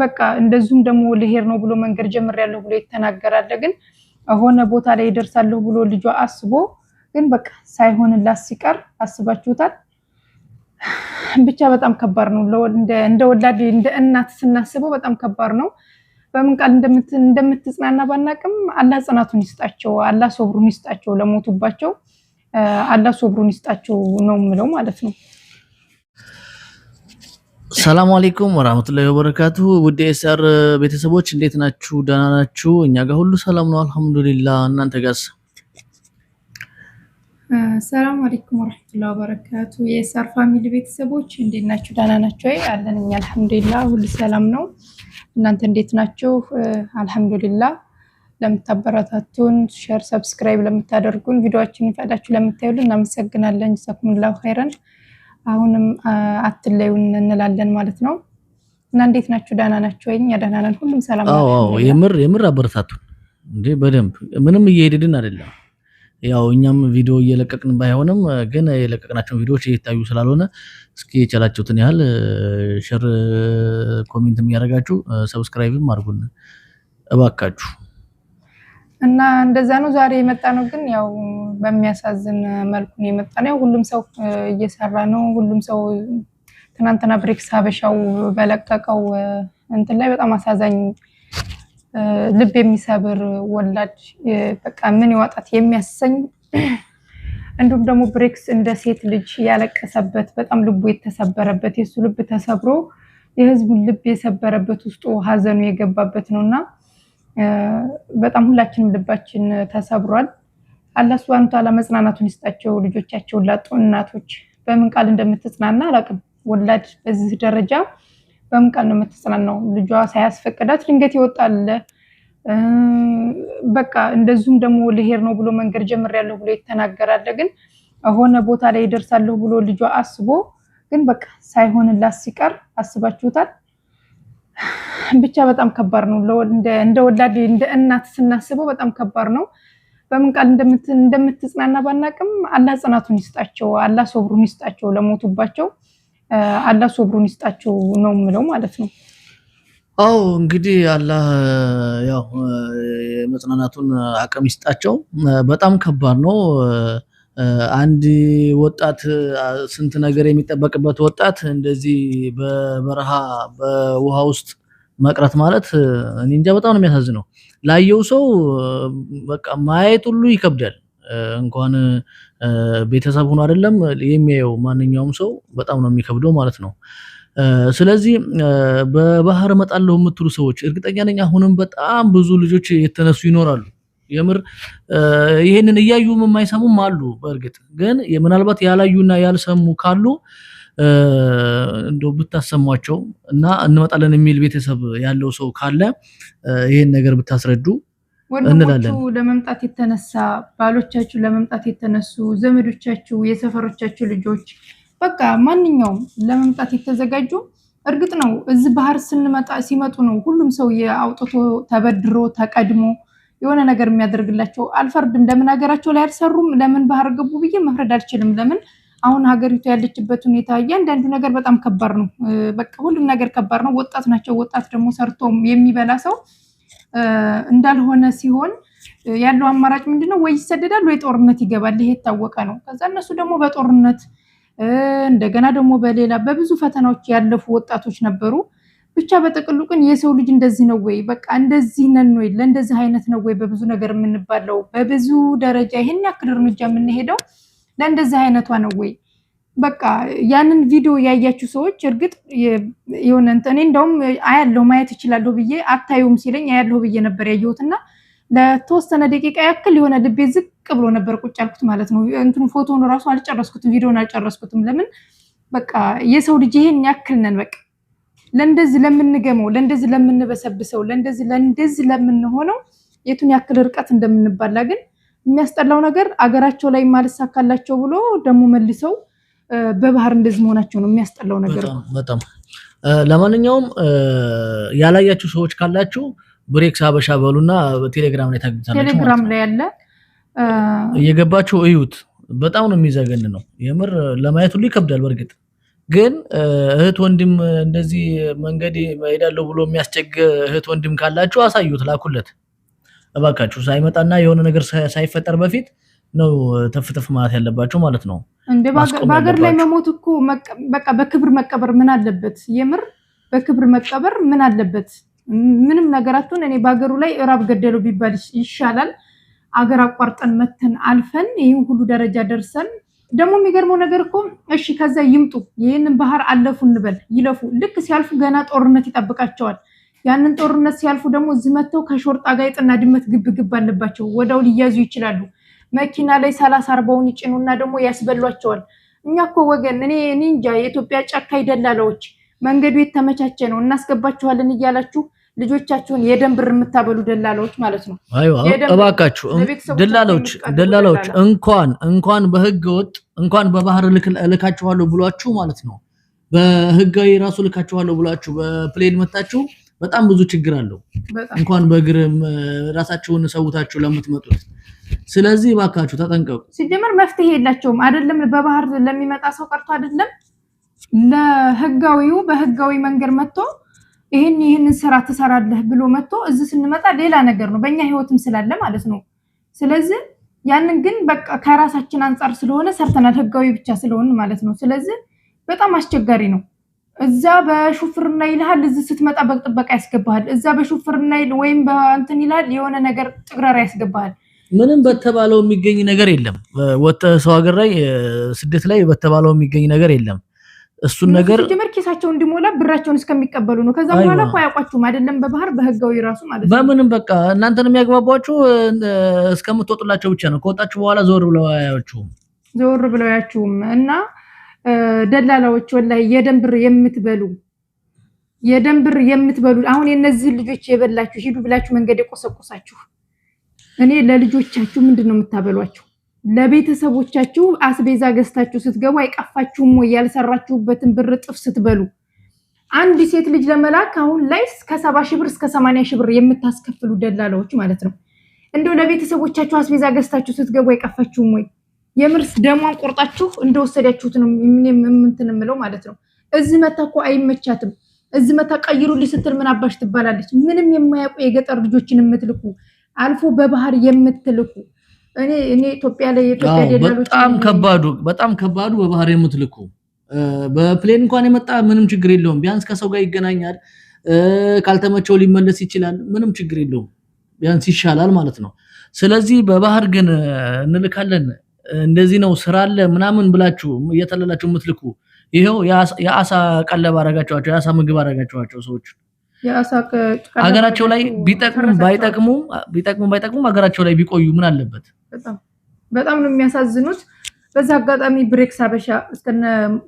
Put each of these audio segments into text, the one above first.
በቃ እንደዚሁም ደግሞ ልሄድ ነው ብሎ መንገድ ጀምሬያለሁ ብሎ ይተናገራል። ግን ሆነ ቦታ ላይ ይደርሳለሁ ብሎ ልጇ አስቦ ግን በቃ ሳይሆንላት ሲቀር አስባችሁታል። ብቻ በጣም ከባድ ነው። እንደ ወላድ እንደ እናት ስናስበው በጣም ከባድ ነው። በምን ቃል እንደምትጽናና ባናቅም፣ አላህ ጽናቱን ይስጣቸው፣ አላህ ሶብሩን ይስጣቸው፣ ለሞቱባቸው አላህ ሶብሩን ይስጣቸው ነው የምለው ማለት ነው። ሰላም አለይኩም ወራህመቱላሂ ወበረካቱ። ውድ ኤስአር ቤተሰቦች እንዴት ናችሁ? ደህና ናችሁ? እኛ ጋር ሁሉ ሰላም ነው አልሐምዱሊላህ። እናንተ ጋርስ? ሰላም አለይኩም ወራህመቱላሂ ወበረካቱ። የኤስአር ፋሚሊ ቤተሰቦች እንዴት ናችሁ? ደህና ናችሁ? አይ አለን እኛ ሁሉ ሰላም ነው። እናንተ እንዴት ናችሁ? አልሐምዱሊላህ። ለምታበረታቱን ሼር፣ ሰብስክራይብ ለምታደርጉን ቪዲዮአችንን ፈዳችሁ ለምታዩልን እናመሰግናለን። ጀዛኩሙላሁ ኸይረን አሁንም አትለዩን እንላለን ማለት ነው። እና እንዴት ናችሁ? ደህና ናችሁ ወይ? እኛ ደህና ነን። ሁሉም ሰላም የምር የምር አበረታቱን እንዴ! በደንብ ምንም እየሄድልን አይደለም። ያው እኛም ቪዲዮ እየለቀቅን ባይሆንም ግን የለቀቅናቸውን ቪዲዮዎች እየታዩ ስላልሆነ እስኪ የቻላችሁትን ያህል ሼር፣ ኮሜንት እያደረጋችሁ ሰብስክራይብም አድርጉን እባካችሁ። እና እንደዛ ነው ዛሬ የመጣ ነው። ግን ያው በሚያሳዝን መልኩ ነው የመጣ ነው። ሁሉም ሰው እየሰራ ነው። ሁሉም ሰው ትናንትና ብሬክስ ሀበሻው በለቀቀው እንትን ላይ በጣም አሳዛኝ ልብ የሚሰብር ወላድ በቃ ምን ይዋጣት የሚያሰኝ እንዲሁም ደግሞ ብሬክስ እንደ ሴት ልጅ ያለቀሰበት በጣም ልቡ የተሰበረበት የእሱ ልብ ተሰብሮ የህዝቡን ልብ የሰበረበት ውስጡ ሀዘኑ የገባበት ነው እና በጣም ሁላችንም ልባችን ተሰብሯል። አላህ ሱብሐነሁ ወተዓላ መጽናናቱን ይስጣቸው። ልጆቻቸውን ላጡ እናቶች በምን ቃል እንደምትጽናና አላውቅም። ወላድ በዚህ ደረጃ በምን ቃል ነው የምትጽናናው? ልጇ ሳያስፈቅዳት ድንገት ይወጣል። በቃ እንደዚሁም ደግሞ ልሄድ ነው ብሎ መንገድ ጀምሬያለሁ ብሎ ይተናገራል። ግን ሆነ ቦታ ላይ ይደርሳለሁ ብሎ ልጇ አስቦ ግን በቃ ሳይሆንላት ሲቀር አስባችሁታል። ብቻ በጣም ከባድ ነው። እንደ ወላድ እንደ እናት ስናስበው በጣም ከባድ ነው። በምን ቃል እንደምትጽናና ባናቅም፣ አላህ ጽናቱን ይስጣቸው፣ አላህ ሶብሩን ይስጣቸው፣ ለሞቱባቸው አላህ ሶብሩን ይስጣቸው ነው የምለው ማለት ነው። አው እንግዲህ አላህ ያው የመጽናናቱን አቅም ይስጣቸው። በጣም ከባድ ነው። አንድ ወጣት ስንት ነገር የሚጠበቅበት ወጣት እንደዚህ በበረሃ በውሃ ውስጥ መቅረት ማለት እኔ እንጃ በጣም ነው የሚያሳዝነው። ላየው ሰው በቃ ማየት ሁሉ ይከብዳል። እንኳን ቤተሰብ ሆኖ አይደለም የሚያየው ማንኛውም ሰው በጣም ነው የሚከብደው ማለት ነው። ስለዚህ በባህር እመጣለሁ የምትሉ ሰዎች እርግጠኛ ነኝ አሁንም በጣም ብዙ ልጆች የተነሱ ይኖራሉ። የምር ይሄንን እያዩም የማይሰሙም አሉ። በእርግጥ ግን ምናልባት ያላዩና ያልሰሙ ካሉ እንደው ብታሰሟቸው እና እንመጣለን የሚል ቤተሰብ ያለው ሰው ካለ ይሄን ነገር ብታስረዱ እንላለን። ለመምጣት የተነሳ ባሎቻችሁ ለመምጣት የተነሱ ዘመዶቻችሁ፣ የሰፈሮቻችሁ ልጆች በቃ ማንኛውም ለመምጣት የተዘጋጁ እርግጥ ነው እዚህ ባህር ስንመጣ ሲመጡ ነው ሁሉም ሰው አውጥቶ ተበድሮ ተቀድሞ የሆነ ነገር የሚያደርግላቸው አልፈርድም። ለምን ሀገራቸው ላይ አልሰሩም፣ ለምን ባህር ገቡ ብዬ መፍረድ አልችልም። ለምን አሁን ሀገሪቱ ያለችበት ሁኔታ እያንዳንዱ ነገር በጣም ከባድ ነው። በቃ ሁሉም ነገር ከባድ ነው። ወጣት ናቸው። ወጣት ደግሞ ሰርቶ የሚበላ ሰው እንዳልሆነ ሲሆን ያለው አማራጭ ምንድነው? ወይ ይሰደዳል ወይ ጦርነት ይገባል። ይሄ የታወቀ ነው። ከዛ እነሱ ደግሞ በጦርነት እንደገና ደግሞ በሌላ በብዙ ፈተናዎች ያለፉ ወጣቶች ነበሩ። ብቻ በጥቅሉ ግን የሰው ልጅ እንደዚህ ነው ወይ? በቃ እንደዚህ ነን ወይ? ለእንደዚህ አይነት ነው ወይ? በብዙ ነገር የምንባለው በብዙ ደረጃ ይህን ያክል እርምጃ የምንሄደው ለእንደዚህ አይነቷ ነው ወይ? በቃ ያንን ቪዲዮ ያያችሁ ሰዎች እርግጥ የሆነ እኔ እንደውም አያለሁ ማየት ይችላለሁ ብዬ አታዩም ሲለኝ አያለሁ ብዬ ነበር እና ለተወሰነ ደቂቃ ያክል የሆነ ልቤ ዝቅ ብሎ ነበር ቁጭ ያልኩት ማለት ነው። እንትኑ ፎቶን ራሱ አልጨረስኩትም፣ ቪዲዮን አልጨረስኩትም። ለምን በቃ የሰው ልጅ ይሄን ያክል ነን በቃ ለእንደዚህ ለምንገመው ለእንደዚህ ለምንበሰብሰው ለእንደዚህ ለእንደዚህ ለምንሆነው የቱን ያክል ርቀት እንደምንባላ ግን የሚያስጠላው ነገር አገራቸው ላይ ማልሳካላቸው ብሎ ደግሞ መልሰው በባህር እንደዚህ መሆናቸው ነው የሚያስጠላው ነገር በጣም ለማንኛውም ያላያችሁ ሰዎች ካላችሁ ብሬክስ ሀበሻ በሉና ቴሌግራም ላይ ታግኝታላችሁ ቴሌግራም ላይ ያለ እየገባችሁ እዩት በጣም ነው የሚዘገን ነው የምር ለማየት ሁሉ ይከብዳል በእርግጥ ግን እህት ወንድም እንደዚህ መንገድ ሄዳለሁ ብሎ የሚያስቸግር እህት ወንድም ካላችሁ አሳዩት፣ ላኩለት እባካችሁ። ሳይመጣና የሆነ ነገር ሳይፈጠር በፊት ነው ተፍተፍ ማለት ያለባቸው ማለት ነው። በሀገር ላይ መሞት እኮ በቃ በክብር መቀበር ምን አለበት? የምር በክብር መቀበር ምን አለበት? ምንም ነገራችሁን እኔ በሀገሩ ላይ እራብ ገደለው ቢባል ይሻላል። አገር አቋርጠን መተን አልፈን ይህን ሁሉ ደረጃ ደርሰን ደግሞ የሚገርመው ነገር እኮ እሺ፣ ከዛ ይምጡ ይህንን ባህር አለፉ እንበል፣ ይለፉ። ልክ ሲያልፉ ገና ጦርነት ይጠብቃቸዋል። ያንን ጦርነት ሲያልፉ ደግሞ እዚህ መጥተው ከሾርጣ ጋይጥና ድመት ግብግብ አለባቸው። ወዳው ሊያዙ ይችላሉ። መኪና ላይ ሰላሳ አርባውን ይጭኑና ደግሞ ያስበሏቸዋል። እኛ እኮ ወገን፣ እኔ እኔ እንጃ የኢትዮጵያ ጫካ ደላላዎች መንገዱ የተመቻቸ ነው እናስገባችኋለን እያላችሁ ልጆቻችሁን የደንብ ብር የምታበሉ ደላላዎች ማለት ነው። አይዋ እባካችሁ ደላላዎች ደላላዎች እንኳን እንኳን በህገ ወጥ እንኳን በባህር እልካችኋለሁ ብሏችሁ ማለት ነው በህጋዊ ራሱ እልካችኋለሁ ብሏችሁ በፕሌን መታችሁ በጣም ብዙ ችግር አለው። እንኳን በእግርም ራሳችሁን ሰውታችሁ ለምትመጡት ስለዚህ እባካችሁ ተጠንቀቁ። ሲጀመር መፍትሄ የላቸውም አይደለም በባህር ለሚመጣ ሰው ቀርቶ አይደለም ለህጋዊው በህጋዊ መንገድ መጥቶ ይህን ይህንን ስራ ትሰራለህ ብሎ መጥቶ እዚህ ስንመጣ ሌላ ነገር ነው በእኛ ህይወትም ስላለ ማለት ነው። ስለዚህ ያንን ግን በቃ ከራሳችን አንጻር ስለሆነ ሰርተናል፣ ህጋዊ ብቻ ስለሆን ማለት ነው። ስለዚህ በጣም አስቸጋሪ ነው። እዛ በሹፍርና ይልሃል፣ እዚህ ስትመጣ በጥበቃ ያስገባሃል። እዛ በሹፍርና ወይም በእንትን ይልሃል፣ የሆነ ነገር ጥግረራ ያስገባሃል። ምንም በተባለው የሚገኝ ነገር የለም። ወጥተህ ሰው ሀገር ላይ ስደት ላይ በተባለው የሚገኝ ነገር የለም። እሱን ነገር ጀመር ኪሳቸው እንዲሞላ ብራቸውን እስከሚቀበሉ ነው። ከዛ በኋላ እኮ አያውቋችሁም አይደለም፣ በባህር በህጋዊ ራሱ ማለት ነው። በምንም በቃ እናንተን የሚያግባቧችሁ እስከምትወጡላቸው ብቻ ነው። ከወጣችሁ በኋላ ዘወር ብለው አያችሁም፣ ዘወር ብለው አያችሁም። እና ደላላዎች ወላሂ የደንብር የምትበሉ የደንብር የምትበሉ አሁን የነዚህ ልጆች የበላችሁ ሂዱ ብላችሁ መንገድ የቆሰቆሳችሁ እኔ ለልጆቻችሁ ምንድን ነው የምታበሏቸው? ለቤተሰቦቻችሁ አስቤዛ ገዝታችሁ ስትገቡ አይቀፋችሁም ወይ? ያልሰራችሁበትን ብር ጥፍ ስትበሉ አንድ ሴት ልጅ ለመላክ አሁን ላይ ከሰባ ሰባ ሺህ ብር እስከ ሰማንያ ሺህ ብር የምታስከፍሉ ደላላዎች ማለት ነው። እንደው ለቤተሰቦቻችሁ አስቤዛ ገዝታችሁ ስትገቡ አይቀፋችሁም ወይ? የምርስ ደሟን ቆርጣችሁ እንደወሰዳችሁት ነው እንትን የምለው ማለት ነው። እዚህ መታ እኮ አይመቻትም። እዚህ መታ ቀይሩልኝ ስትል ምን አባሽ ትባላለች? ምንም የማያውቁ የገጠር ልጆችን የምትልኩ አልፎ በባህር የምትልኩ እኔ እኔ ኢትዮጵያ ላይ ኢትዮጵያ ደላሎች በጣም ከባዱ በጣም ከባዱ በባህር የምትልኩ በፕሌን እንኳን የመጣ ምንም ችግር የለውም። ቢያንስ ከሰው ጋር ይገናኛል። ካልተመቸው ሊመለስ ይችላል። ምንም ችግር የለውም። ቢያንስ ይሻላል ማለት ነው። ስለዚህ በባህር ግን እንልካለን እንደዚህ ነው ስራ አለ ምናምን ብላችሁ እየተለላችሁ የምትልኩ ይኸው የአሳ ቀለብ አረጋቸዋቸው የአሳ ምግብ አረጋቸዋቸው ሰዎች ሀገራቸው ላይ ቢጠቅሙ ባይጠቅሙ ቢጠቅሙ ባይጠቅሙም ሀገራቸው ላይ ቢቆዩ ምን አለበት? በጣም በጣም ነው የሚያሳዝኑት። በዛ አጋጣሚ ብሬክስ ሀበሻ እስከነ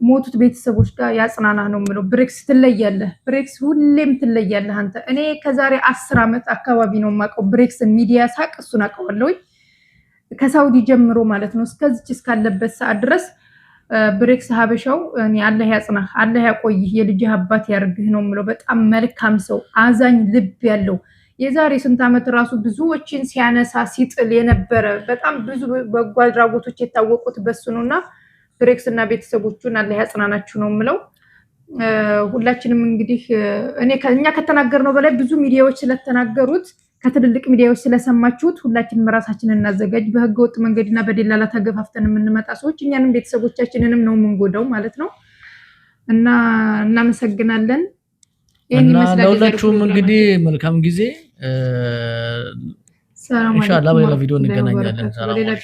ሞቱት ቤተሰቦች ጋር ያጽናና ነው የምለው። ብሬክስ ትለያለህ፣ ብሬክስ ሁሌም ትለያለህ አንተ። እኔ ከዛሬ አስር ዓመት አካባቢ ነው የማውቀው ብሬክስ ሚዲያ ሳቅ፣ እሱን አውቀዋለሁ ከሳውዲ ጀምሮ ማለት ነው እስከዚች እስካለበት ሰዓት ድረስ ብሬክስ ሀበሻው አላህ ያጽናህ፣ አላህ ያቆይህ፣ የልጅህ አባት ያርግህ ነው የምለው። በጣም መልካም ሰው፣ አዛኝ ልብ ያለው የዛሬ ስንት ዓመት ራሱ ብዙዎችን ሲያነሳ ሲጥል የነበረ በጣም ብዙ በጎ አድራጎቶች የታወቁት በሱ ነው እና ብሬክስ እና ቤተሰቦቹን አለ ያጽናናችሁ ነው የምለው። ሁላችንም እንግዲህ እኔ እኛ ከተናገርነው በላይ ብዙ ሚዲያዎች ስለተናገሩት ከትልልቅ ሚዲያዎች ስለሰማችሁት ሁላችንም ራሳችንን እናዘጋጅ። በህገ ወጥ መንገድና በደላላ ተገፋፍተን የምንመጣ ሰዎች እኛንም ቤተሰቦቻችንንም ነው የምንጎዳው ማለት ነው እና እናመሰግናለን። ለሁላችሁም እንግዲህ መልካም ጊዜ ኢንሻላህ በሌላ ቪዲዮ እንገናኛለን። ሰላም